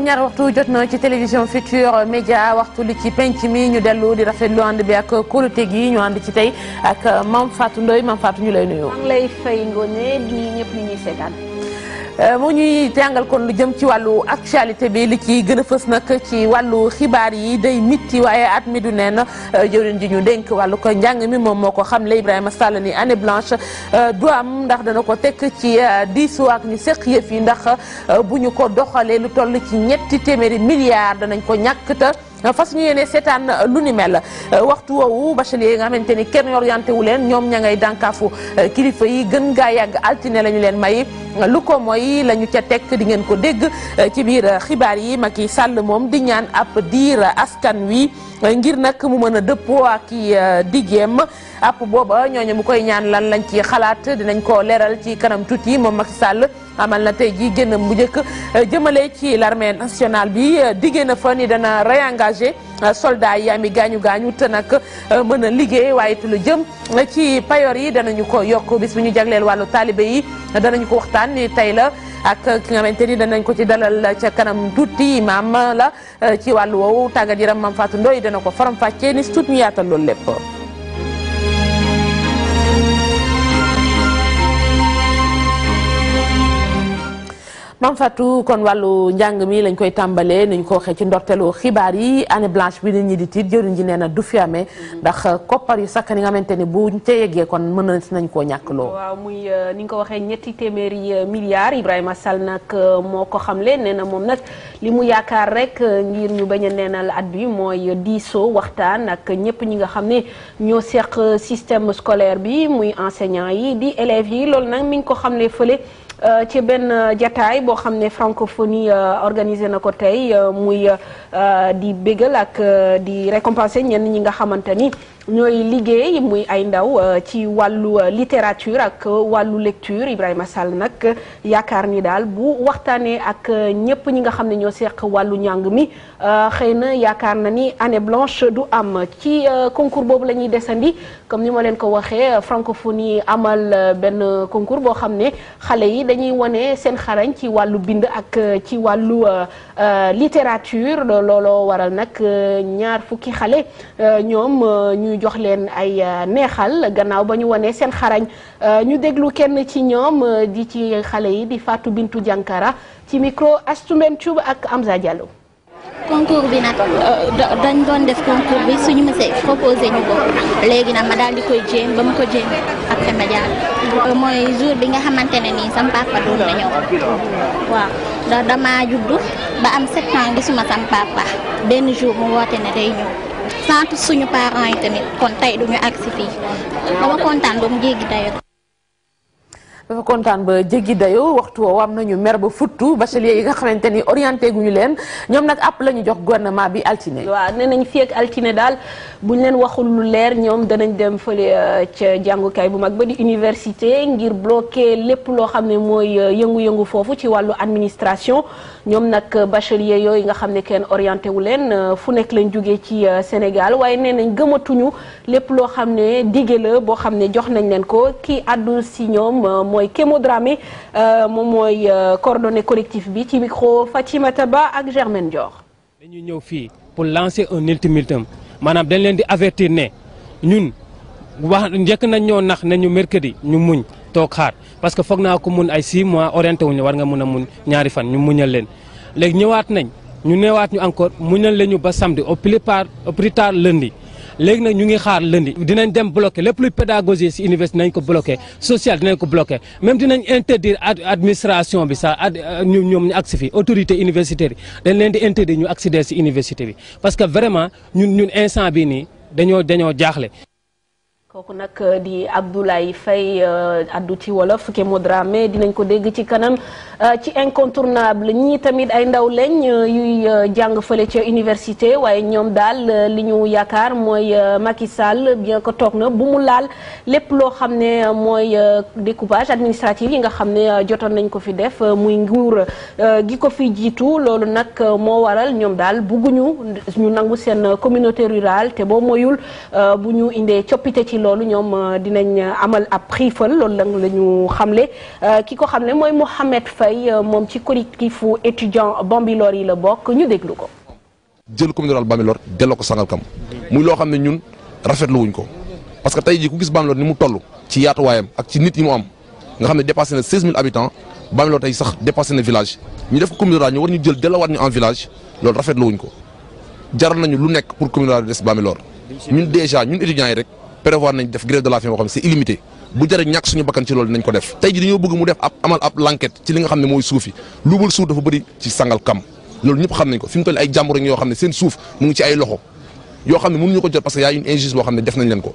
juróom-ñaar waxtu jot na ci télévision Futur Média waxtu li ci penc mi ñu dellu di rafet lu ànd bi ak kóolute gi ñu ànd ci tey ak Mame Fatou Ndoye Mame Fatou ñu lay nuyu. maa ngi lay fay ngone ñëpp ñu ñuy seetaan. Euh, moo ñuy jàngal kon lu jëm ci wàllu actualité bi li ci gën a fës nag ci wàllu xibaar yi day mitti waaye at mi du neen euh, jëriñ ji ñu denk wàllu ko njàng mi moom moo ko xam le Ibrahima Sall ni année blanche euh, du am ndax dana ko tekk ci diisoo ak ñu seq yëf yi ndax bu ñu ko doxalee lu toll ci ñetti téeméeri milliards danañ ko ñàkkta fas ñu yéene seetaan lu ni mel waxtu woowu bachelier yi nga xamante ni kenn orienté wu leen ñoom ña ngay dànkaafu kilifa yi gën gaa yàgg altine lañu leen may lu ko mooy la ñu ca tekk di ngeen ko dégg ci biir xibaar yi Macky Sall moom di ñaan ab diir askan wi ngir nag mu mën a dëppoo ak i digeem ab booba ñooñu mu koy ñaan lan lañ ci xalaat dinañ ko leeral ci kanam tuuti moom mag sàll amal na tey jii génn bu njëkk euh, jëmale ci l'armée nationale bi euh, diggée na fa ni dana réengagé euh, soldats yi ami gaañu gaañu te nag mën a liggéey waaye it jëm ci payoor yi danañu ko yokk bis bu ñu jagleel wàllu taalibe yi danañu ko waxtaan ni tey la ak ki nga xamante ni danañ ko ci dalal ca kanam tuuti maam la ci wàllu woowu tàggat yaram Mame Fatou Ndoye dana ko faram-fàccee ni suut ñu yaatal loolu lépp Mame Fatou kon wàllu njàng mi lañ koy tàmbalee ni ko waxee ci ndorteelu xibaar yi année blanche bi nit ñi di tiit jëriñ ji nee na du fi amee mm-hmm. ndax euh, koppar yu sakkan yi nga xamante ni buñ ca yeggee kon mën nañ koo ñàkk waaw muy euh, ni nga ko waxee ñetti téeméeri euh, milliards Ibrahima Sall nag moo ko xamle nee na moom nag li mu yaakaar rek ngir ñu bañ a neenal at bi mooy diisoo waxtaan nag ñëpp ñi nga xam ne ñoo seq système scolaire bi muy enseignant yi di élèves yi loolu nag mi ngi ko lee fële Euh, ci benn euh, jataay boo xam ne francophonie euh, organiser na ko tey muy di bégal ak di récompenser ñenn ñi nga xamante ni ñooy liggéey muy ay ndaw euh, ci wàllu euh, littérature ak euh, wàllu lecture Ibrahima Sall nag yaakaar ni daal bu waxtaanee ak ñëpp ñi nga xam ne ñoo seq wàllu njàng mi xëy na yaakaar na ni année blanche du am ci concours boobu la ñuy desandi comme ni ma leen ko waxee francophonie amal benn concours boo xam ne xale yi dañuy wane seen xarañ ci wàllu bind ak ci wàllu littérature looloo waral nag ñaar fukki xale ñoom ñuy jox leen ay euh, neexal gannaaw ba ñu wonee seen xarañ euh, ñu déglu kenn ci ñoom euh, di ci xale yi di Fatou bintu Diankara ci micro Astumben Thioub ak am Diallo. concours bi nag dañ doon def ko léegi nag ko jéem après ma mooy jour bi nga xamante ne nii sama papa doon na ñëw waaw ndax juddu ba am sept ans gisuma sama papa benn jour mu woote ne day ñëw. sant suñu parents yi tamit kon tey duñu agsi fii dama kontaan ba mu jéggi dayoo dafa kontaan ba jéggi dayo waxtu woo am nañu mer ba futtu bachelier yi nga xamante ni orienté guñu leen ñoom nag àpp la ñu jox gouvernement bi altine waa nee nañ fii altine daal buñ leen waxul lu leer ñoom danañ dem fële euh, ca jàngukaay bu mag ba di université ngir bloqué lépp loo xam ne mooy euh, yëngu-yëngu foofu ci wàllu administration ñoom nag euh, bachelier yooyu nga xam ne kenn orienté wu leen fu nekk lañ jógee ci Sénégal waaye nee nañ gëmatuñu lépp loo xam ne dige boo xam ne jox nañ leen ko kii àddu si mooy Kémo Dramé euh, moom mooy euh, coordonné collectif bi ci micro Fatimata Ba ak Germaine Dior. dañuy ñëw fii pour lancer un ultimatum maanaam dañ leen di avertir ne ñun wax njëkk nañ ñoo nax nañu ñu mercredi ñu muñ toog xaar parce que foog naa ko mun ay 6 mois orienté wuñu war nga mun a mun ñaari fan ñu muñal leen léegi ñëwaat nañ ñu neewaat ñu encore muñal leen ñu ba samedi au plus tard au plus tard léegi nag ñu ngi xaar lundi dinañ dem bloqué lépp luy pédagogie si université dinañ ko bloqué social dinañ ko bloqué même dinañ interdire administration bi sax euh, ñu ñoom ñu agsi fi autorité universitaire yi dañ leen di interdire ñu accéder si université bi parce que vraiment ñun ñun instant bi nii dañoo dañoo jaaxle kooku nag euh, di Abdoulaye Faye euh, addu ci wolof Kémo Dramé dinañ ko dégg ci kanam euh, ci incontournable ñii tamit ay ndaw lañ yuy jàng fële ca université waaye ñoom daal li ñu yaakaar mooy Macky Sall bien ko toog na bu mu laal lépp loo xam ne mooy découpage administratif yi nga xam ne jotoon nañ ko fi def muy nguur gi ko fi jiitu loolu nag moo waral ñoom daal bugguñu ñu nangu seen communauté rural te boo moyul bu ñu indee coppite ci loolu ñoom euh, dinañ euh, amal ab xiifal loolu la xamle euh, ki ko xamle mooy Mouhamed Faye moom ci collectifu étudiant Bambilor yi la bokk ñu déglu ko. jël commune rurale Bambilor delloo ko Sangalkam muy loo xam ne ñun rafetlu wuñ ko parce que tey jii ku gis Bambilor ni mu toll ci yaatuwaayam ak ci nit yi mu am nga xam ne dépassé na 16000 habitants Bambilor tey sax dépassé na village ñu def ko commune rurale ñu war ñu jël delloowaat ñu en village loolu rafetlu wuñ ko jaral nañu lu nekk pour commune rurale des Bambilor prévoir nañ def grève de la faim c'est illimité bu jëree ñàkk suñu bakkan ci loolu nañ ko def tey ji dañoo bëgg mu def ab amal ab l'enquête ci li nga xam ne mooy suuf yi luubal suuf dafa bëri ci Sangalkam loolu ñëpp xam nañ ko fi mu toll ay jàmbur yoo xam ne seen suuf mu ngi ci ay loxo yoo xam ne mënuñu ko jot parce que y a une injustice boo xam ne def nañ leen ko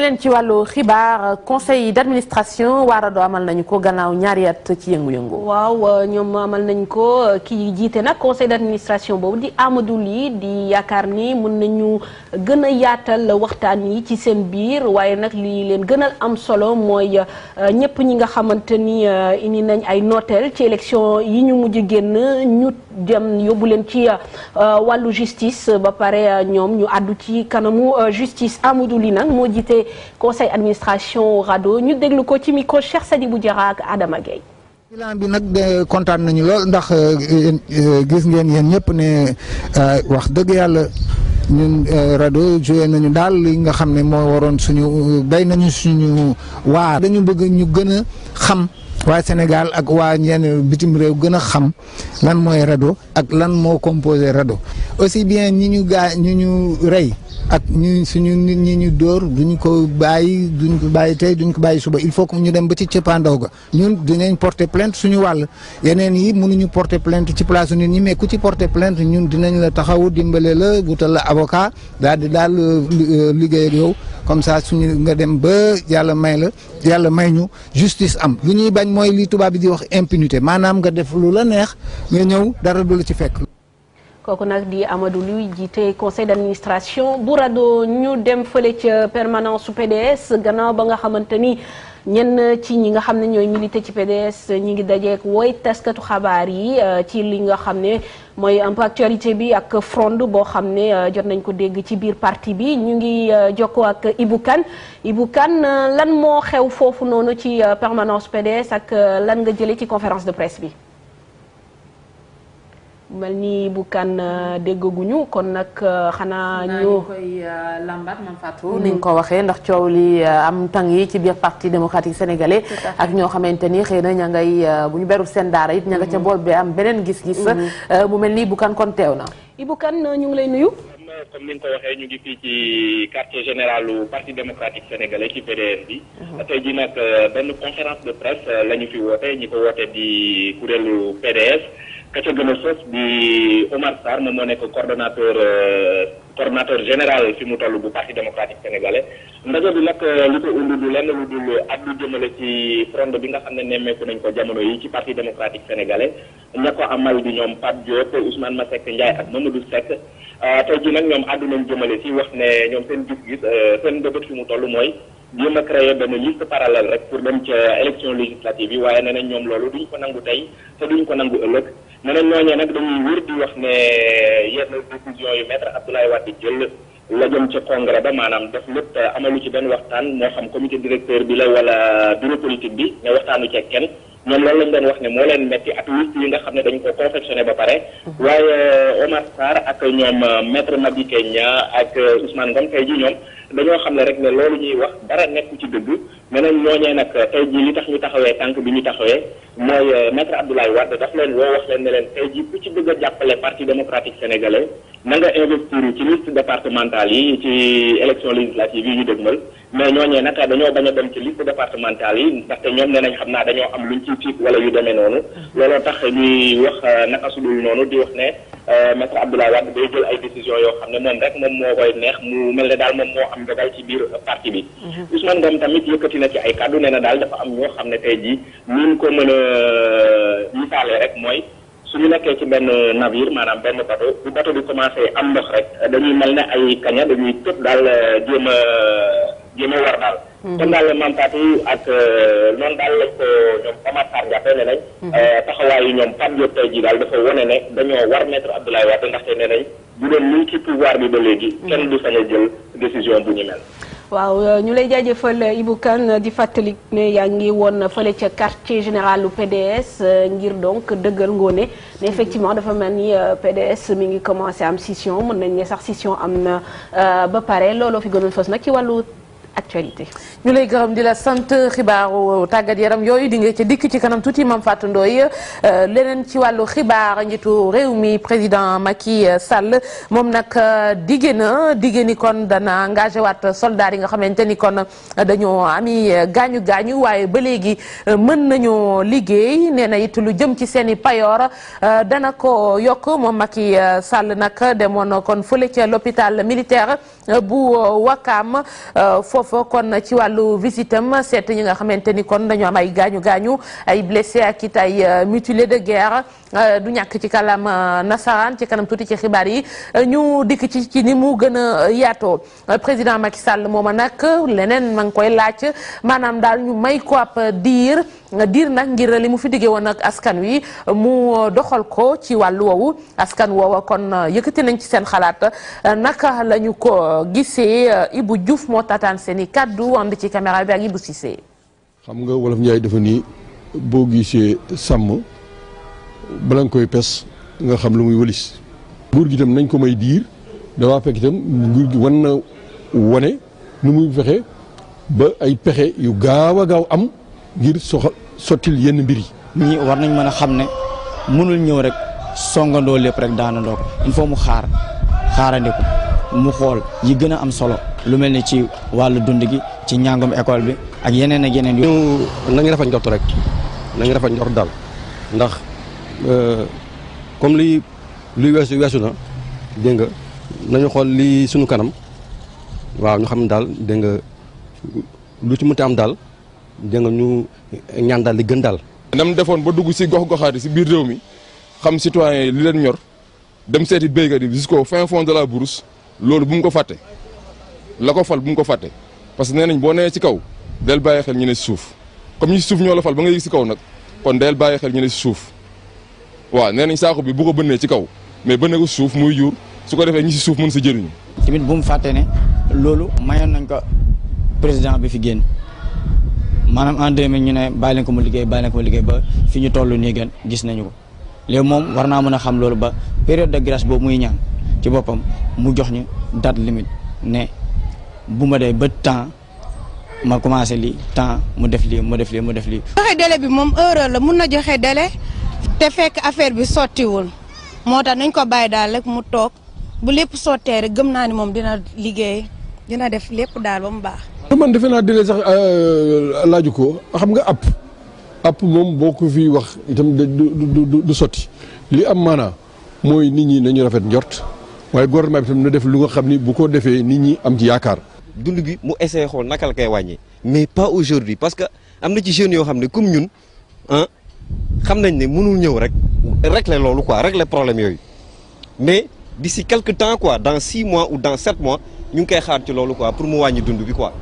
leneen ci wàllu xibaar conseil d'administration waaradoo amal nañu ko gannaaw ñaari at ci yëngu-yëngu. waaw ñoom amal nañ ko ki jiite nag conseil d'administration boobu di Amadou Ly di yaakaar ni mën nañu gën a yaatal waxtaan yi ci seen biir waaye nag li leen gënal am solo mooy euh, ñëpp ñi nga xamante ni euh, indi nañ ay nooteel ci élection yi ñu mujj génn ñu dem yóbbu leen ci euh, wàllu justice ba pare ñoom ñu àddu ci kanamu justice Amadou nag moo jiite conseil administration RADDHO ñu déglu ko ci micro Cheikh Sadibou Diarra ak Adama Gueye. bilan bi nag eh, kontaan nañu lool ndax eh, eh, gis ngeen yéen ñëpp ne wax dëgg yàlla. ñun RADDHO joué nañu daal li nga xam ne moo waroon suñu bay nañu suñu waa dañu bëgg ñu gën a xam waa Sénégal ak waa ñenn bitim réew gën a xam lan mooy RADDHO ak lan moo composé RADDHO aussi bien ñi ñu gaa ñi ñu rey ak ñu suñu nit ñi ñu dóor duñu ko bàyyi duñ ko bàyyi tey duñ ko bàyyi suba il faut que ñu dem ba ci cëppaandaw ga ñun dinañ porter plainte suñu wàll yeneen yi mënuñu porter plainte ci place nit ñi mais ku ci porter plainte ñun dinañ la taxawu dimbale la wutal la avocat daal di daal euh, liggéey ak yow comme ça suñu nga dem ba yàlla may la yàlla may ñu justice am lu ñuy bañ mooy li tubaab bi di wax impunité maanaam nga def lu la neex nga ñëw dara du la ci fekk. kooku nag di Amadou Luy jiite conseil d' administration bu rado ñu dem fële ca permanence su PDS gannaaw ba nga xamante ni ñenn ci ñi nga xam ne ñooy milité ci PDS ñu ngi dajeek woy taskatu xabaar yi euh, ci li nga xam ne mooy un peu actualité bi ak fronde boo xam ne euh, jot nañ ko dégg ci biir partie bi ñu ngi euh, jokkoo ak Ibou Kane Ibou Kane lan moo xew foofu noonu ci permanence PDS ak lan nga jëlee ci conférence de presse bi. mel ni bu kan euh, déggaguñu kon nag euh, xanaa. ñu koy euh, lambat man Fatou. ni nga mm. ko waxee ndax coow li am tàng yi ci biir parti démocratique sénégalais. ak ñoo xamante ni xëy na ña ngay bu ñu beru seen daara it ña nga ca mm-hmm. bool bi am beneen gis-gis. bu mm-hmm. mel ni bu kan kon teew na. Ibou Kane ñu ngi lay nuyu. comme ni nga ko waxee ñu ngi fii ci quartier général parti démocratique sénégalais ci PDS bi. Mm-hmm. tey jii nag benn conférence de presse la fi woote ñi ko woote ka ca gën a sos di Omar Sarr moom moo nekk coordonnateur euh, coordonnateur général fi mu toll bu parti démocratique sénégalais ndaje bi nag euh, lu ko undu du lenn lu dul addu jëmale ci front bi nga xam ne nemmeeku nañ ko jamono yi ci parti démocratique sénégalais ña ko amal di ñoom Pape Diop Ousmane Masseck Ndiaye ak Mamadou Seck euh, tey jii nag ñoom addu nañ jëmale si wax ne ñoom seen gis-gis seen bëbët fi mu toll mooy jéem a créé benn liste parallèle rek pour dem ca élection législative yi waaye nee nañ ñoom loolu duñ ko nangu tey te duñ ko nangu ëllëg nee na ñooñee nag dañuy wër di wax ne yenn décision yu maître Abdoulaye Wade jël la jëm ca congrès ba maanaam def lépp amalu ci benn waxtaan moo xam comité directeur bi la wala bureau politique bi ne waxtaanu cee kenn ñoom loolu lañ doon wax ne moo leen metti at liste yi nga xam ne dañ ko confectionné ba pare waaye Omar saar ak ñoom maître Madické Niang ak Ousmane Ngom tey ji ñoom dañoo xam ne rek ne loolu ñuy wax dara nekku ci dëgg mais nag ñooñee nag euh, tey jii li tax ñu taxawee tànk bi ñu taxawee mooy euh, maître Abdoulaye Wade daf leen woo wax leen ne leen tey jii ku ci bëgg a jàppale parti démocratique sénégalais na nga investir ci départementale yi ci élection législative yi ñu dëgmal mais ñooñee nag dañoo bañ dem ci liste départementale yi ndaxte ñoom ne nañ xam naa dañoo am lu ñu ci fiig wala yu demee noonu mmh. looloo tax ñuy wax euh, naka sudul noonu di wax ne Euh, maître Abdoulaye Wade day jël ay décision yoo xam ne moom rek moom moo koy neex mu mel ne daal moom moo am dogal ci biir parti bi. Mhm. Ousmane Ngom tamit yëkkati na ci ay kàddu nee na daal dafa am ñoo xam ne tey jii ñu ko mën a euh, misaalee rek mooy. su ñu nekkee ci benn navire maanaam benn bateau bu bateau bi commencé am ndox rek dañuy mel ne ay kaña dañuy tëb daal euh, jéem a gën a war daal. Hmm. kon daal maam Fatou ak euh, noonu daal lañ ko ñoom Omar Sarr jàppee ne nañ. Hmm. Euh, taxawaayu ñoom Pape Diop tey jii daal dafa wane ne dañoo war maître Abdoulaye Wade ndaxte nee nañ bu doon ñu ci pouvoir bi ba léegi. Hmm. kenn du sañ a jël décision bu ñu mel. waaw euh, ñu lay jaajëfal Ibou Kane di fàttali ne yaa ngi woon fële ca quartier général lu PDS ngir donc dëggal ngoone ne effectivement dafa mel ni PDS mi ngi commencé am scission mën nañ ne sax scission am na ba pare looloo fi gënoon fës nag ci wàllu. actualité. ñu lay gërëm di la sant xibaaru tàggat yaram yooyu di nga ca dikk ci kanam tuuti Mame Fatou Ndoye euh, leneen ci wàllu xibaar njiitu réew mi président Macky Sall moom nag euh, dige na dige ni kon dana engagé waat soldats yi nga xamante ni kon dañoo ami gaañu gaañu waaye ba léegi euh, mën nañu liggéey nee na it lu jëm ci seen i payoor dana ko yokk moom Macky Sall nag demoon na kon fële ca l'hôpital militaire. bu wakaam euh, euh, foofa kon ci wàllu visitam seet ñi nga xamante ni kon dañu am ay gaañu gaañu ay blessé ak it ay euh, mutilé de guerre du ñàkk ci kàllaama nasaraan ci kanam tuuti ci xibaar yi ñu dikk ci ci ni mu gën a yaatoo président Macky Sall mooma nag leneen ma ngi koy laaj maanaam daal ñu may ko ab diir diir nag ngir li mu fi diggee woon ak askan wi mu doxal ko ci wàll woowu askan woowa kon yëkkati nañ ci seen xalaat naka la ko gisee Ibou Diouf moo tataan seen i kàddu ànd ci caméra bi ak Ibou Cissé. xam nga wolof Njaay dafa nii boo gisee sàmm bala nga koy pes nga xam lu muy wëlis. nguur gi itam nañ ko may diir dafaa fekk itam nguur gi wan wane nu muy fexe ba ay pexe yu gaaw a gaaw am. ngir soxal sottil yenn mbiri ñi war nañ mën a xam ne mënul ñëw rek songandoo lépp rek daanandoo ko il faut mu xaar xaarandi ko mu xool yi gën a am solo lu mel ni ci wàll dund gi ci ñàngum école bi ak yeneen ak yeneen yu. nañu dafa njort rek nañu dafa njort daal ndax euh, comme li luy weesu weesu na dégg nga nañu xool lii suñu kanam waaw ñu xam daal dégg nga lu ci mënti am daal. jëngal ñu ñaan daal di gën daal. nam defoon ba dugg si gox-goxaat si biir réew mi xam si yi li leen ñor dem seeti béykat yi jusqu'au fin fond de la brousse loolu bu mu ko fàtte la ko fal bu mu ko fàtte parce que nee nañ boo nee ci kaw del bàyyi xel ñu ne si suuf comme ñi suuf ñoo la fal ba nga yëg si kaw nag kon del bàyyi xel ñu ne si suuf waaw nee nañ saako bi bu ko bënnee ci kaw mais bënne ko suuf muy jur su ko defee ñi si suuf mën si jëriñu. tamit bu mu fàtte loolu mayoon nañ ko président bi fi génn. maanaam en 2000 ñu ne bàyyi ko mu liggéey bàyyi mu liggéey ba fi ñu tollu nii gën gis nañu ko léegi moom war naa mën a xam loolu ba période de grâce boobu muy ñaan ci boppam mu jox ñu date limite ne bu ma dee ba temps ma commencé li temps mu def lii mu def lii mu def lii. joxe délai bi moom heure la mun na joxe délai te fekk affaire bi sottiwul moo tax nañ ko bàyyi daal rek mu toog bu lépp sottee rek gëm naa ni moom dina liggéey dina def lépp daal ba mu baax. man defe naa délai sax euh, laaju ko xam nga app app moom boo ku fi wax itam du du sotti li am maanaa mooy nit ñi nañu rafet njort waaye gouvernement bi itam na def lu nga xam ni bu ko defee nit ñi am ci yaakaar. dund gi mu essayé xool naka la koy wàññi mais pas aujourd'hui parce que am na ci jeunes yoo xam ne comme ñun ah xam nañ ne mënul ñëw rek régler loolu quoi régler problème yooyu mais d'ici quelque temps quoi dans six mois ou dans sept mois ñu ngi koy xaar ci loolu quoi pour mu wàññi dund bi quoi.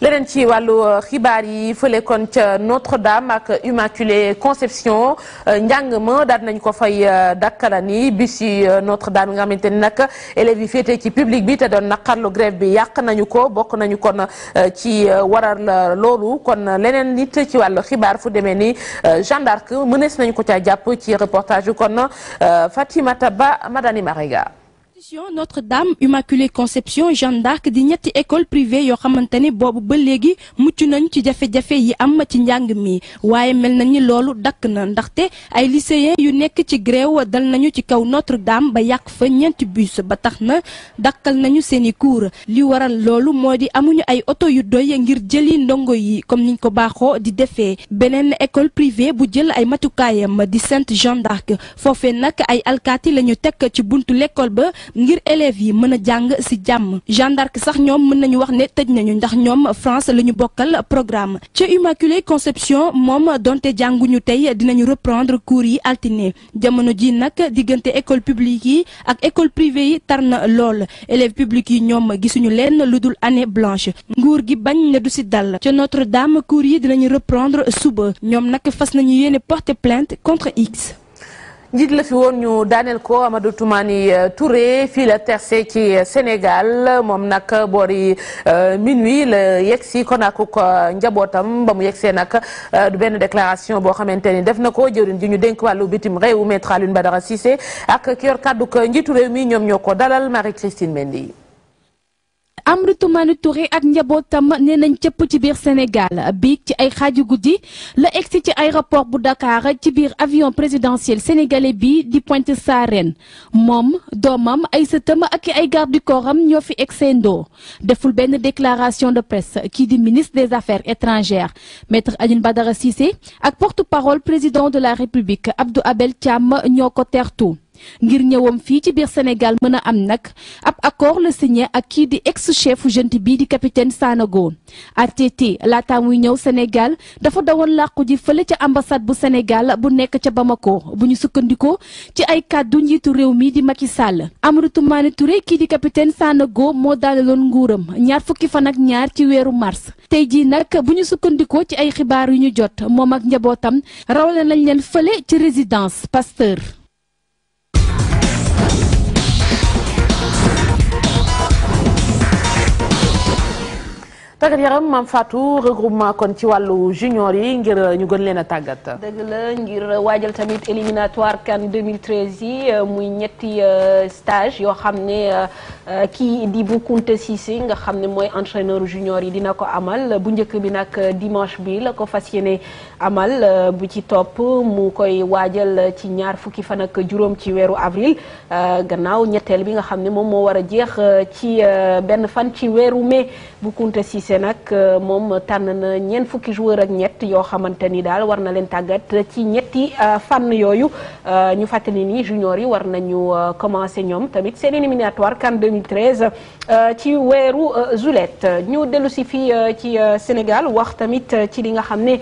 leneen ci wàllu euh, xibaar yi fële kon ca Notre-Dame ak Immaculée Conception euh, njàng ma daal nañ ko fay euh, dakkalani bis yi Notre-Dame yi nga xamante ni nag élèves yi féetee ci public bi te doon naqarlu grève bi yàq nañu ko bokk nañu kon ci waral loolu kon leneen nit ci wàllu xibaar fu demee ni Jeanne d'Arc mënees nañu ko caa jàpp ci reportage kon Fatimata Ba Madani Marega institution Notre-Dame Immaculée Conception Jeanne d'Arc di ñetti école privée yoo xamante ni boobu ba léegi mucc nañ ci jafe-jafe yi am ci njàng mi waaye mel na ni loolu dakk na ndaxte ay lycéens yu nekk ci grève dal nañu ci kaw Notre-Dame ba yàq fa ñeenti bus ba tax na dakkal nañu seeni cours li waral loolu moo di amuñu ay oto yu doy ngir jëli ndongo yi comme niñ ko baaxoo di defee beneen école privée bu jël ay matukaayam di Sainte Jeanne d'Arc foofee ay alkaati lañu tekk ci buntu l'école ba ngir élèves yi mën a jàng si jàmm Jeanne sax ñoom mën nañu wax ne tëj nañu ndax ñoom France la ñu bokkal programme ca Immaculée Conception moom donte jànguñu tey dinañu reprendre cours yi altine jamono ji nag diggante école publique yi ak école privée yi tar na lool élèves publics yi ñoom gisuñu leen lu dul année blanche nguur gi bañ na du si dal ca Notre-Dame cours yi dinañu reprendre suba ñoom nag fas nañu yéene porter plainte contre X njiit la fi woon ñu daaneel ko Amadou Toumani euh, Touré fii la terse ci euh, Sénégal moom nag boori euh, minuit la yegg si kon ak njabootam ba mu yegg see nag du benn déclaration boo xamante ni def na ko jëwriñ ji ñu denk wàllu bitim réew Maître Alioune Badara Cissé ak ki yor kàddu ko njiitu réew mii ñoom ñoo ko dalal Marie Christine Mendy am Mane Touré ak njabootam nee nañ cëpp ci biir Sénégal biig ci ay xaaju guddi la egsi ci aéroport bu Dakar ci biir avion présidentiel sénégalais bi di Pointe Sarène moom doomam ay sëtam ak ay garde corps am ñoo fi egseendoo deful benn déclaration de presse kii di ministre des affaires étrangères maître Alioune Badara Cissé ak porte-parole président de la République Abdou Abel Thiam ñoo ko tertu ngir ñëwam fii ci biir Sénégal mën a am nag ab accord la signé ak kii di ex chef junte bii di capitaine Sanogo ATT laata muy ñëw Sénégal dafa dawoon làqu ji fële ca ambassade bu Sénégal bu nekk ca Bamako bu ñu sukkandikoo ci ay kàddu njiitu réew mi di mag Macky sàll Amadou Toumani ture kii di capitaine Sanogo moo daaleloon nguuram ñaar fukki fan ak ñaar ci weeru mars tey jii nag bu ñu sukkandikoo ci ay xibaar yu ñu jot moom ak njabootam rawale nañ leen fële ci résidence Pasteur. tàggat yaram maam Fatou regroupement kon ci wàllu junior yi ngir euh, ñu gën leen a tàggat. dëgg la ngir euh, waajal tamit éliminatoire CAN 2013 yi euh, muy ñetti stage yoo xam ne kii di bu Kounta Cissé nga xam ne mooy entraîneur junior yi dina ko amal bu njëkk bi nag dimanche bi la ko fas yéene. amal euh, bu ci topp mu koy waajal ci ñaar fukki fan ak juróom ci weeru avril euh, gannaaw ñetteel bi nga xam ne moom moo war a jeex euh, ci benn fan ci weeru mai bu Kunta Cissé nag moom tànn na ñeent fukki joueur ak ñett yoo xamante ni daal war na leen tàggat ci ñetti fànn yooyu ñu fàttali ni junior yi war nañu commencé ñoom tamit seen éliminatoire CAN 2013 ci weeru juillet ñu dellu si fii ci Sénégal wax tamit ci li nga xam ne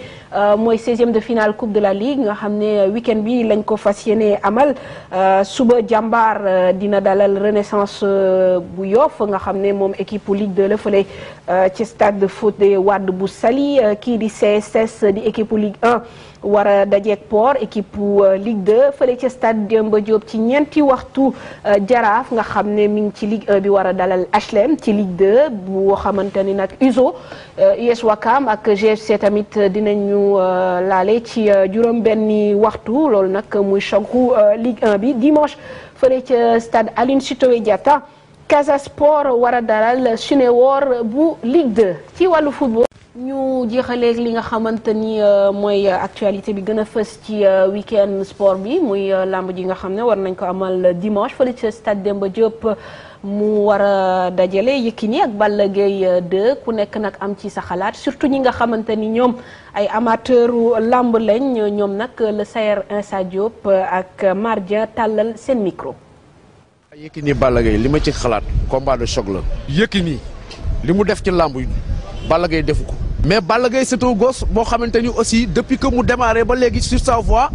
mooy 16e de finale coupe de la ligue nga xam ne week-end lañ ko fas yéene amal euh, suba jàmbaar euh, dina dalal renaissance euh, bu Yoff nga xam ne moom équipe ligue de la fële ci stade de foot de Wade bu sali kii di CSS di équipe ligue war a dajeeg port équipe euh, Ligue 2 fële ci stade Demba ci ñeenti waxtu euh, jaraaf nga xam ne mi ngi ci Ligue 1 bi war a dalal HLM ci Ligue 2 boo xamante ni nag USO US euh, Wakam ak GFC tamit dinañu laale ci juróom-benni waxtu loolu nag muy chocu Ligue 1 bi dimanche fële ca stade Aline Sitoé jata Casa Sport war a dalal Sunéor bu Ligue 2 ci wàllu football. ñu jeexaleeg li nga xamante ni euh, mooy actualité bi gën a fës ci euh, week-end sport bi muy euh, làmb ji nga xam ne war nañ ko amal dimanche fële ca stade Demba Diop mu war a dajale Yékini ak Balla Gaye 2 ku nekk nag am ci sa xalaat surtout ñi nga xamante ni ñoom ay amateuru làmb lañ ñoom nag le Sayer Insa Diop ak Marja tàllal seen micro. Yékini Balla Gaye li ma ci xalaat combat de choc la Yékini li mu def ci làmb yi Balla defu ko mais Balla Gaye c'est un gosse boo xamante ni aussi depuis que mu démarré ba léegi sur sa voie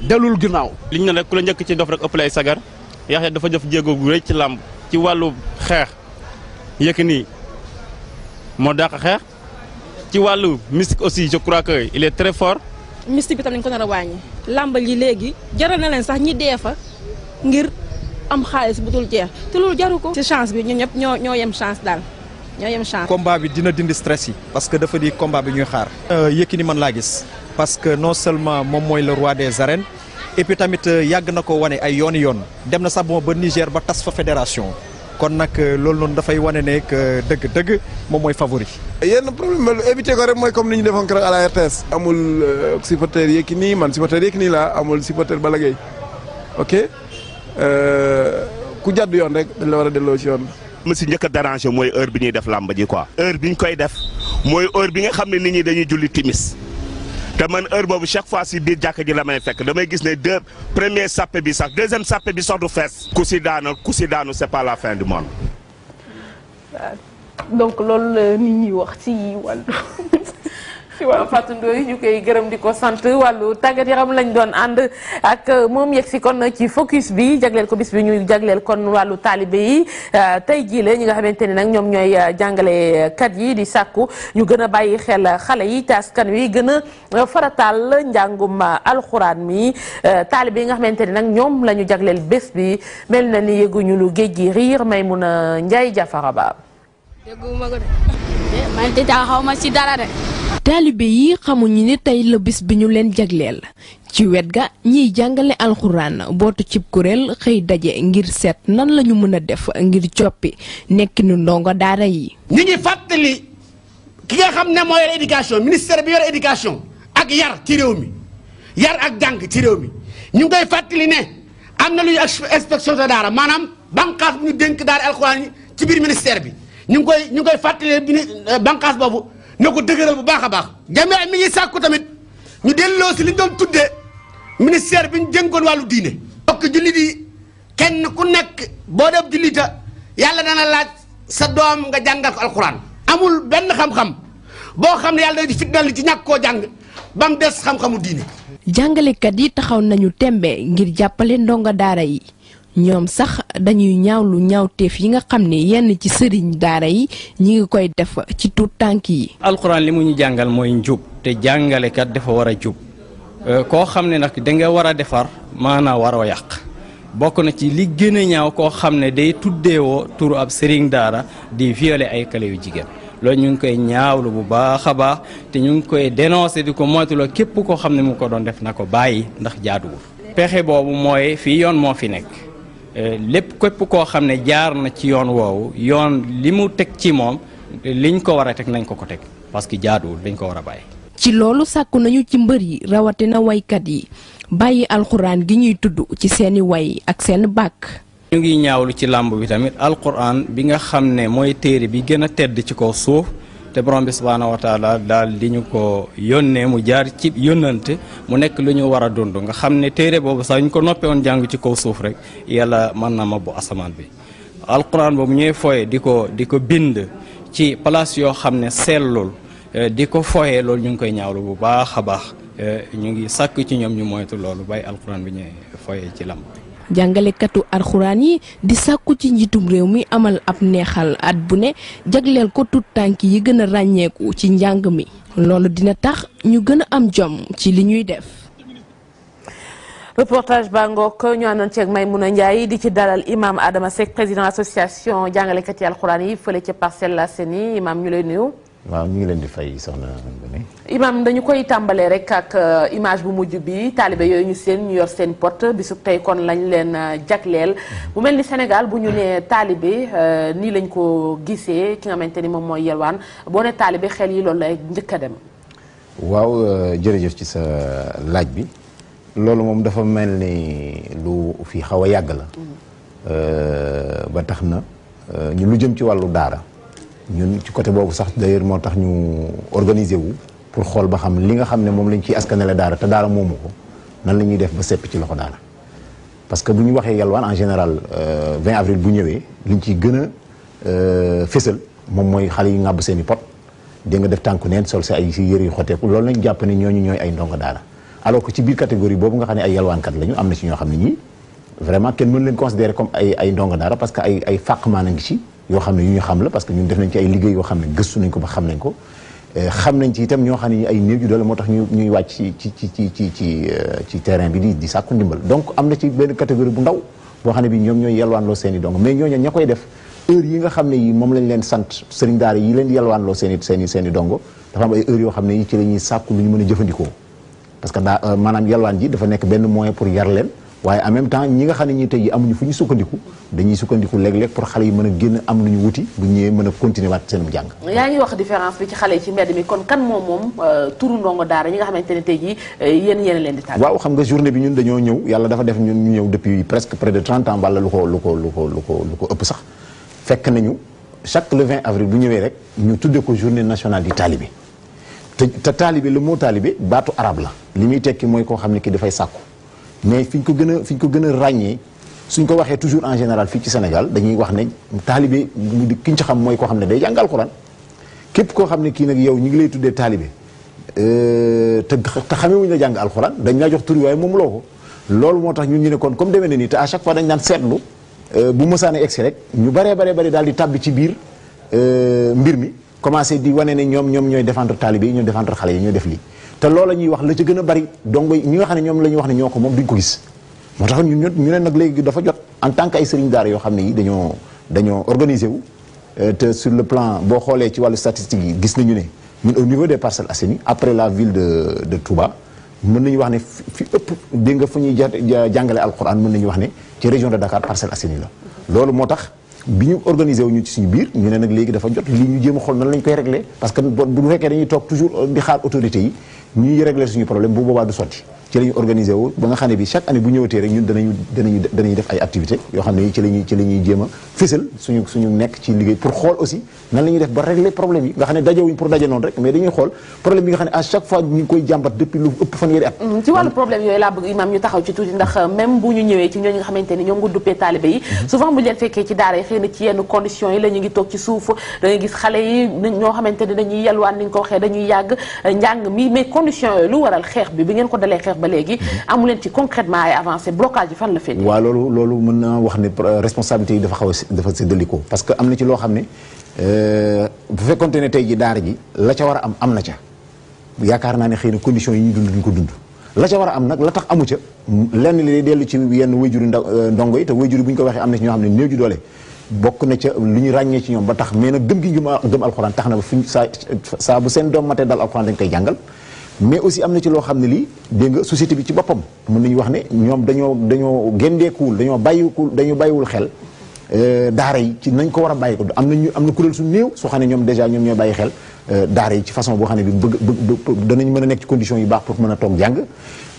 delul ginnaaw li ñu ne rek ku la njëkk ci dof rek ëpp lay sagar Yaxya dafa def jéego gu rëy ci làmb ci wàllu xeex Yékini moo dàq xeex ci wàllu mystique aussi je crois que il est très fort mystique bi tam lañ ko nar a wàññi làmb yi léegi jaral na leen sax ñi dee fa am xaalis bu dul jeex te loolu jaru ko. ci chance bi ñun ñëpp ñoo ñoo yem chance daal ñoo yem chance. bi dina dindi stress yi. parce que dafa di combat bi ñuy xaar. Euh, Yékini man laa gis parce que non seulement moom mooy le roi des arènes et tamit euh, yàgg na ko wane ay yooni yoon dem na sax bon ba Niger ba tas fa fédération kon nag euh, loolu noonu dafay wane ne dëgg-dëgg moom mooy favori. yenn problème la éviter ko rek mooy comme ni ñu defoon keroog à la RTS. amul supporter Yékini man supporter Yékini laa amul supporter Balla Gaye Euh, ku jàdd yoon rek dañ la war a delloo ci yoon. ma si njëkk a déranger mooy heure bi ñuy def làmb ji quoi. heure bi ñu koy def mooy heure bi nga xam ne nit ñi dañuy julli timis te man heure boobu chaque fois si biir jàkk ji la may fekk damay gis ne deux premier sappe bi sax deuxième sappe bi sax du fees. ku si daanu ku si daanu c'est pas la fin du monde. Euh, donc loolu nit ñi wax ci wàllu. si wàllu Fatou Ndoye ñu koy gërëm di ko sant wàllu tàggat yaram lañ doon ànd ak moom yegg si kon ci focus bi jagleel ko bis bi ñuy jagleel kon wàllu taalibe yi euh, tey jii la ñi nga xamante ni nag ñoom ñooy euh, jàngalekat yi di sàkku ñu gën a bàyyi xel xale yi askan wi gën a farataal njàngum alxuraan mi euh, taalibe nga xamante ni nag ñoom lañu ñu jagleel bés bi mel na ni yëguñu lu géej gi riir Maymuna Njaay Jafara Ba. déggu ma ko de eh, xaw ma ci dara de. taalibe yi xamuñu ni tey la bis bi ñu leen jagleel ci wet ga ñiy jàngale alxuraan bootu cib kuréel xëy daje ngir seet nan lañu ñu mën a def ngir coppi nekkinu ndongo daara yi. ñu ngi fàttali ki nga xam ne mooy yor éducation ministère bi yor éducation ak yar ci réew mi yar ak jàng ci réew mi ñu ngi koy fàttali ne am na lu ñu inspection de daara maanaam bànqaas bu ñu dénk daara alxuraan ci biir ministère bi ñu ngi koy ñu ngi koy fàttali bini euh, bànqaas boobu. na ko dëgëral bu baax a baax jamee mi ngi sàkku tamit ñu delloo si li ñu doon tuddee ministère bi ñu jënkoon wàllu diine bokk jullit yi kenn ku nekk boo def jullita yàlla dana laaj sa doom nga jàngal ko alxuraan amul benn xam-xam boo xam ne yàlla day fitnal ci ñàkk koo jàng ba mu des xam-xamu diine jàngalekat yi taxaw nañu tembe ngir jàppale ndongo daara yi ñoom sax dañuy ñaawlu ñaawteef yi nga xam ni yenn ci sëriñ daara yi ñu ngi koy def ci tuut tànk yi. alxuraan li mu ñu jàngal mooy njub te jàngalekat dafa war a jub euh, koo xam ne nag da nga war a defar maanaa waroo yàq. bokk na ci li gën a ñaaw koo xam ne day tuddeewoo turu ab sëriñ daara di viole ay kale yu jigéen loolu ñu ngi koy ñaawlu bu baax a baax te ñu ngi koy dénoncer di ko moytuloo képp koo xam ne mu ko doon def na ko bàyyi ndax jaaduwul. pexe boobu mooy fii yoon moo fi nekk. Euh, lépp képp koo xam ne jaar na ci yoon woowu yoon li mu teg ci moom liñ ko war a teg nañ ko ko teg parce que jaaduwul dañ ko war a bàyyi. ci loolu sàkku nañu ci mbër yi rawatina woykat yi bàyyi alxuraan gi ñuy tudd ci seeni way ak seen bàkk. ñu ngi ñaawlu ci làmb bi tamit alxuraan bi nga xam ne mooy téere bi gën a tedd ci kaw suuf. te borom bi subhaanahu daal di ñu ko yónnee mu jaar ci yónnante mu nekk lu ñu war a dund nga xam ne téere boobu sax ñu ko noppee woon jàng ci kaw suuf rek yàlla man na ma bu asamaan bi alquran boobu ñuy foye di ko di ko bind ci place yoo xam ne sellul eh, di ko foye loolu ñu ngi koy ñaawlu bu baax a baax eh, ñu ngi sàkk ci ñoom ñu moytu loolu bay alquran bi ñuy foyee ci lamb jàngalekatu alxuraan yi di sàkku ci njiitug réew mi amal ab neexal at bu ne jagleel ko tut tànk yi gën a ràññeeku ci njàng mi loolu dina tax ñu gën a am jom ci li ñuy def reportage baa ngoog ñu àndoon ceeg Maymuna Ndiaye di ci dalal imam Adama Seck président association jàngalekat yi alxuraan yi fële ca la seni imam ñu lay nuyu waaw ñu ngi leen di fay soxna Ngoné imam dañu koy tàmbalee rek ak euh, image bu mujj bi taalibe yooyu ñu seen ñu yor seen pot bisub tey kon lañ leen euh, jagleel bu mel ni Sénégal bu ñu nee taalibe euh, nii lañ ko gisee ki nga xamante ni moom mooy yelwaan boo ne taalibe xel yi loolu lay njëkk a dem waaw jërëjëf ci sa laaj bi loolu moom dafa mel ni lu fi xaw a yàgg la mm. ba tax na ñu lu jëm ci wàllu daara ñun ci côté boobu sax d'ailleurs moo tax ñu organiser wu pour xool ba xam li nga xam ne moom lañ ciy askanale daara te daala moomu ko nan la ñuy def ba sepp ci loxo daara parce que bu ñu waxee yalwaan en général 20 euh, avril bu ñëwee liñ ciy gën a euh, fésal moom mooy xale yu ŋàbb seen i pot di nga def tànku neen sol sa ay si yëre yu xoteeku loolu lañ jàpp ne ñooñu ñooy ay ndongo daara alors que ci biir catégorie boobu nga xam ne ay yalwaankat lañu am na ci ñoo xam ne ñii vraiment comme ay ay ndongo parce que ay ay fàq maana ci yoo xam ne yu ñu xam la parce que ñun def nañ ci ay liggéey yoo xam ne gëstu nañ ko ba xam nañ ko eh, xam nañ ci itam ñoo xam ne ay néew ju doole moo tax ñu ñuy wàcc eh, bi di di sàkku ndimbal donc na benn catégorie bu ndaw boo xam ne bi ñoom ñooy yelwaanloo seen i dong mais ñooñu ña koy def heure yi nga xam ne yi moom lañ leen sant sëriñ daara yi i seen i seen i dongo lu ñu mën a jëfandikoo parce que euh, maanaam yelwaan ji dafa nekk benn moyen pour yar leen waaye en même temps ñi nga xam ne ñi tey yi ñu fu ñu sukkandiku dañuy sukkandiku léeg-léeg pour xale yi mën a génn am lu ñu wuti bu ñëwee mën a continuer waat seenum jàng yaa ngi wax différence bi ci xale yi ci mbedd mi kon kan moom moom euh, turu ndongo daara ñi nga xamante ne tey jii euh, yéen yéen leen di tàgg waaw xam nga journée bi ñun dañoo ñëw yàlla dafa def ñun ñu ñëw depuis presque près de 30 ans lu ko lu ko lu ko lu ko lu ko ëpp sax fekk nañu chaque le vingt avril bu ñëwee rek ñu tudde ko journée nationale du talibé te te talibé le mot talibé baatu arabe la li muy tekki mooy koo xam ne ki dafay sàkku mais fi ñu ko gën a fi ñu ko gën a ràññee suñ ko waxee toujours en général fii ci Sénégal dañuy wax ne taalibe di ki ci xam mooy koo xam ne day jàng alxuraan képp koo xam ne kii nag yow ñu ngi lay tuddee taalibe euh, te te xamewuñu la jàng alxuraan dañ laa jox tur waaye moom loo ko loolu moo tax ñun ñu ne kon comme demee na nii te à chaque fois dañ naan seetlu euh, bu mësaane egsi rek ñu baree baree bari daal di tàbbi ci biir euh, mbir mi commencé di wane ne ñoom ñoom ñooy défendre taalibe yi ñooy défendre xale yi ñooy def lii te loolu la ñuy wax la ca gën a bari donc ñi nga xam ne ñoom la ñuy wax ne ñoo ko moom duñ ko gis moo tax ñu ñu ne nag léegi dafa jot en tant que ay sëriñ daara yoo xam ne yi dañoo dañoo wu euh, te sur le plan boo xoolee ci wàllu statistique yi gis nañu ne mun au niveau des Parcelles Assainies après la ville de de Touba mën nañu wax ne fi ëpp dégg nga fu ñuy jàngale alquran mën nañu wax ne ci région de Dakar Parcelles Assainies la loolu moo tax bi ñu organisé wu ñu suñu biir ñu ne nag léegi dafa jot lii ñu jéem a xool nan koy réglé parce que bu fekkee dañuy toog toujours di xaar autorités yi ñuy réglé suñu problème bu boobaa du sotti ci la ñu organisé wu ba nga xam ne bi chaque année bu ñëwatee rek ñun danañu danañu def ay activité yoo xam ne ci la ñuy ci suñu suñu nekk ci liggéey pour xool aussi nan la def ba régler problème yi nga xam ne dajewuñ pour daje noonu rek mais dañuy xool problème mm, yooyu laa bëgg imaam ñu taxaw ci tuuti ndax euh, même bu ñu ñëwee ci ñooñu nga xamante ni ñoom nga duppee taalibe yi mm-hmm. souvent bu leen fekkee ci daara yi xëy na ci yenn conditions yi la ngi toog ba léegi mhm. amu ci concrètement ay avancé blocage yi fan la féetee waa loolu loolu mën naa wax ne responsabilité yi dafa xaw a dafa séddaliko parce que am na ci loo xam ne euh, bu fekkonte ne tey ji daara ji la ca war a am am na ca yaakaar naa ne xëy na conditions yi ñu dund duñ ko dund la ca war a am nag la tax amu ca lenn li dellu ci yenn wéyjuri euh, ndongo yi te wéyjuri bu ñu ko waxee am na ci ñoo xam ne néew ju doole bokk na ca lu ñu ràññee ci ñoom ba tax mais nag gëm gi gëm alxuraan tax na ba fi saa saa bu seen doom matee dal alxuraan dañ koy jàngal mais aussi am na ci loo xam ne lii dégg nga société bi ci boppam mun nañu wax ne ñoom dañoo dañoo géndeekuwul dañoo bàyyiwul dañoo bàyyiwul xel euh, daara yi ci nañ ko war a bàyyi ko am nañu am na kuréel su néew soo xam ne ñoom déjà ñoom ñooy bàyyi xel euh, daara yi ci boo xam ne bëgg bëgg danañ mën a nekk ci condition yu baax pour mën a toog jàng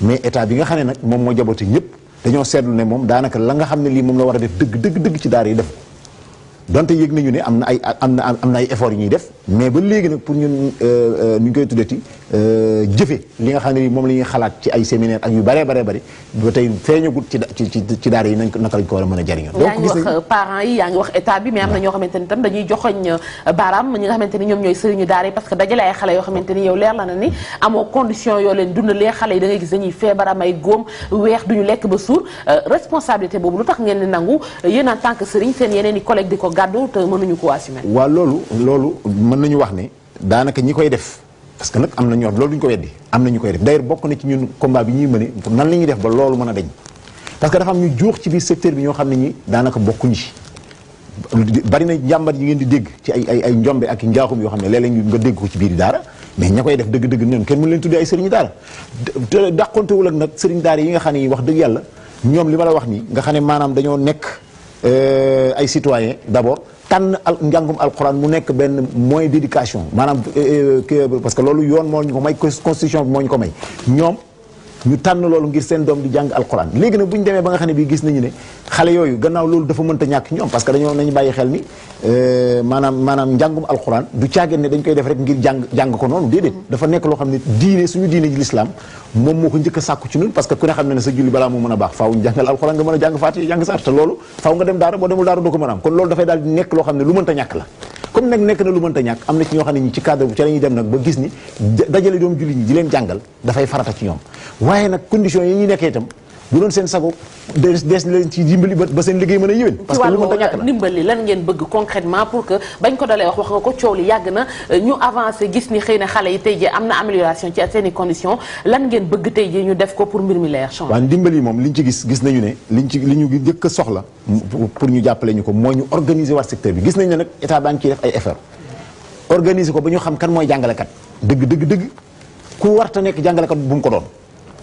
mais état bi nga xam ne nag moom moo jabote ñëpp dañoo seetlu ne moom daanaka la nga xam ne lii moom la war a def dëgg dëgg dëgg ci daara yi def donte yëg nañu ne am na ay am na am na ay effort yi ñuy def mais ba léegi nag pour ñu euh, nu ñu koy tuddati Euh, jëfe li nga xam ne moom la ñuy xalaat ci ay séminaire ak yu bare bare bëri ba tey feeñagut ci ci ci daara yi nañ naka lañ ko war a mën a jariñoo donc yaa wax euh, parents yi yaa ngi wax état bi mais am na ñoo euh, ñooy sëriñu daara yi que dajale ay yoo xamante ni yow leer la na ni amoo condition yoo leen dundalee xale yi da ngay gis dañuy feebar am ay góom weex duñu lekk ba suur responsabilité boobu lu tax ngeen di nangu yéen en tant que sëriñ seen yeneen i collègue di ko gàddu te mënuñu ko assumer waaw loolu loolu mën nañu wax ne daanaka ñi koy def parce que nag am na ñoo loolu duñ ko weddi am na ñu koy def d'ailleurs bokk na ci ñun combat bi ñuy mëne nan la def ba loolu mën a dañ parce que dafa am ñu juux ci biir secteur bi ñoo xam ne ñi daanaka bokkuñu ci bari na njàmbat yi ngeen di dégg ci ay ay ay njombe ak i njaaxum yoo xam ne léeg-léeg nga dégg ko ci biir daara mais ña koy def dëgg-dëgg ñoom kenn mënu leen tuddee ay sëriñu daara te dàqontewul ak nag sëriñ daara yi nga xam ne yi wax dëgg yàlla ñoom li la wax nii nga xam ne maanaam dañoo nekk euh, ay citoyen d'abord tànn al njàngum alxuraan mu nekk benn moyen d'éducation maanaam euh, euh, parce que loolu yoon moo ñu ko may constitution bi moo ko may ñoom ñu tànn loolu ngir seen doom di jàng alquran léegi nag bu ñu demee ba nga xam ne bii gis nañu ne xale yooyu gannaaw loolu dafa mënta ñàkk ñoom parce que dañoo nañu bàyyi xel ni euh, maanaam du caagin ne koy def rek ngir jàng jàng ko noonu déedéet mm-hmm. dafa nekk loo xam ne diine suñu diine ji l'islam moom moo ko njëkk a sàkku ci ñun parce ku ne xam ne ne sa julli balaa moo mën a baax faaw ñu jàngal nga mën a jàng faatiha jàng saar te loolu faaw nga dem daara boo demul daara doo ko mën a am kon loolu comme nag nekk na lu mënta ñàkk am na ci ñoo xam ne ñi ci cadre bu ci la dem nag ba gis ni dajale doom julli ñi di leen jàngal dafay farata ci ñoom waaye nag condition yi ñuy nekkee itam bu doon seen sago des des leen ci dimbali ba seen liggéey mën a yéwén. parce que lu mënta ñàkk la bëgg concrètement pour que bañ ko dalee wax wax nga ko coow li yàgg na ñu avancé gis ni xëy na xale yi tey jii am na amélioration ci seen i conditions lan ngeen bëgg tey jii ñu def ko pour mbir mi leer changé. waaw dimbali moom liñ ci gis gis nañu ne liñ ci li ñu njëkk a soxla. pour ñu jàppale ñu ko mooy ñu organiser waat secteur bi gis nañ ne nag état baa ngi ciy def ay effort. organiser ko ba ñu xam kan mooy jàngalekat dëgg dëgg dëgg ku warta nekk jàngalekat bu mu ko doon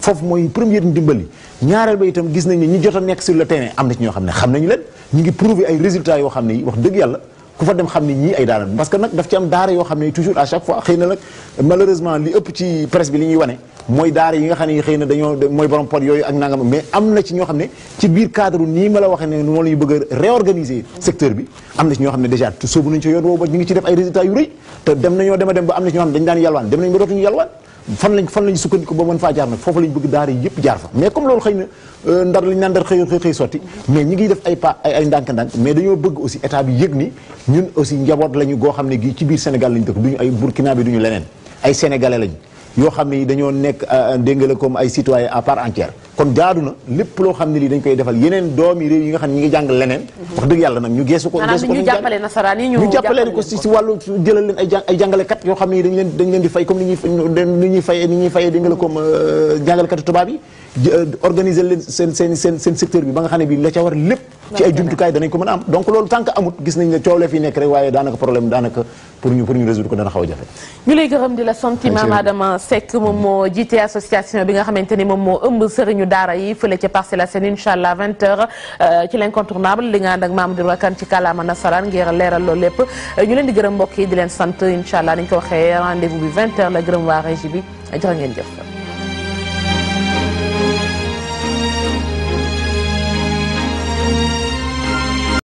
foofu mooy première ndimbali ñaareel ba itam gis nañ ne ñi jot a nekk sur le terrain am na ci ñoo xam ne xam nañu leen ñu ngi prouver ay résultats yoo xam ne yi wax dëgg yàlla ku fa dem xam ne ñii ay daara parce que nag daf ci am ne toujours à chaque fois xëy na nag malheureusement li ëpp ci presse nga xam ne xëy na dañoo mooy borom pot yooyu ak nangam mais am na ci ñoo xam ne ci biir cadre nii ma la waxee ne moom ñu bëgg a réorganiser secteur bi am na ci ñoo xam ne déjà soobu nañu ci yoon woowu ba ñu ngi ci def ay résultats yu rëy te dem nañoo dem a dem ba am na ci ñoo xam fan lañ fan lañ sukkandiku ba mën faa jaar nag foofu lañ bëgg daara yi yëpp jaar fa mais comme loolu xëy na euh, ndar lañ naan ndar xëy xëy sotti mais ñi ngi def ay pas ay ay ndànk-ndànk mais dañoo bëgg aussi état bi yëg ni ñun aussi njaboot lañu goo xam ne gii ci biir Sénégal lañ dëkk duñu ay Burkina bi duñu leneen ay sénégalais lañ yoo xam ne dañoo nekk euh, dégg nga la comme ay citoyen à part entière kon jaadu lépp loo xam ne lii dañ koy defal yeneen doomi réew yi nga xam ne ñi ngi jàng leneen wax dëgg yàlla nag ñu geesu ko geesu ko jàppale nasaraan yi ñu jàppale leen ko si si jëlal leen ay jàngalekat yoo xam ne dañ leen di fay comme ni ñuy ñuy ni ñuy fayee euh, di euh, ko mën a am donc loolu tant amut gis nañ ne coowle fi nekk rek waaye daanaka problème daanaka pour ñu pour ñu ko dana xaw a jafe ñu lay gërëm di la sant Maam Adama Seck moom suñu daara yi fële ca Parcelles Assainies incha allah 20h euh, ci l'incontournable li nga ànd ak Mamadou Wakan ci kàllaama nasaraan ngir leeral loolu lépp ñu leen di gërëm mbokk yi di leen sant incha allah ni ñu ko waxee bi 20h la gërëm waa régie bi jërë ngeen jëf.